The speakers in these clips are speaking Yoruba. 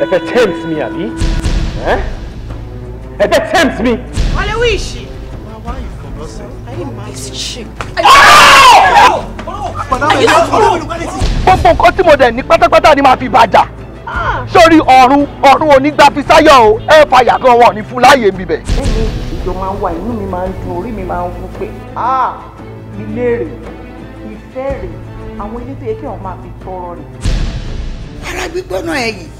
ẹ fẹ́ tempt mi àbí ẹ fẹ́ tempt mi. wọ́n lè wí ìṣì. wá ìfọ̀bọ̀ sí. ayé máa ń ṣe. gbogbo nǹkan tí mo dẹ̀ ní pátápátá ni màá fi bàjá sórí ọ̀run ọ̀run onígbàfisáyọ̀ o ẹ fàyà gan wọn ní fún láàyè mi bẹ̀. bẹ́ẹ̀ni ìjọ máa ń wà inú mi máa ń dùn orí mi máa ń wú pé ah, ilé rè ìfẹ́ rè àwọn ilé tó yẹ kí àwọn máa fi tọrọ rè. ara gbígbóná ẹ̀yìn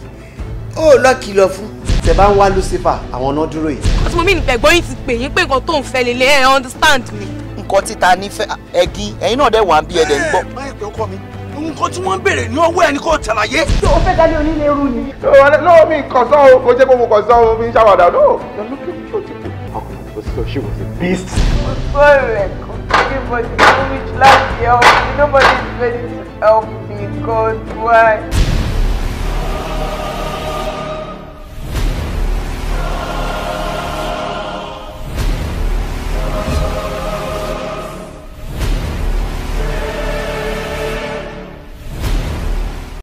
ó lọ kìlọ̀ fún. tẹ bá ń wá Lucifer àwọn náà dúró yìí. ọtí mo mí nípa ẹ̀gbọ́n yìí ti pè yín pé nǹkan tó ń fẹ́ lélẹ̀ ẹ̀ understand mi. nǹkan títa ní fẹ́ ẹ̀gí ẹ̀yin náà dẹ̀ wà ń bí ẹ̀dẹ̀ ń gbọ́. báyìí pé ọkọ mi nǹkan tí wọ́n ń béèrè ní ọwọ́ ẹni kò tàlàyé. o fẹ́ dálé onílé eru ni. lọ́wọ́ mi kàn sán o kò jẹ́ kó mo kàn sán o mi ń ṣàwàdà náà. So she was a beast. Everybody, which last year, nobody is ready to help me. God, why?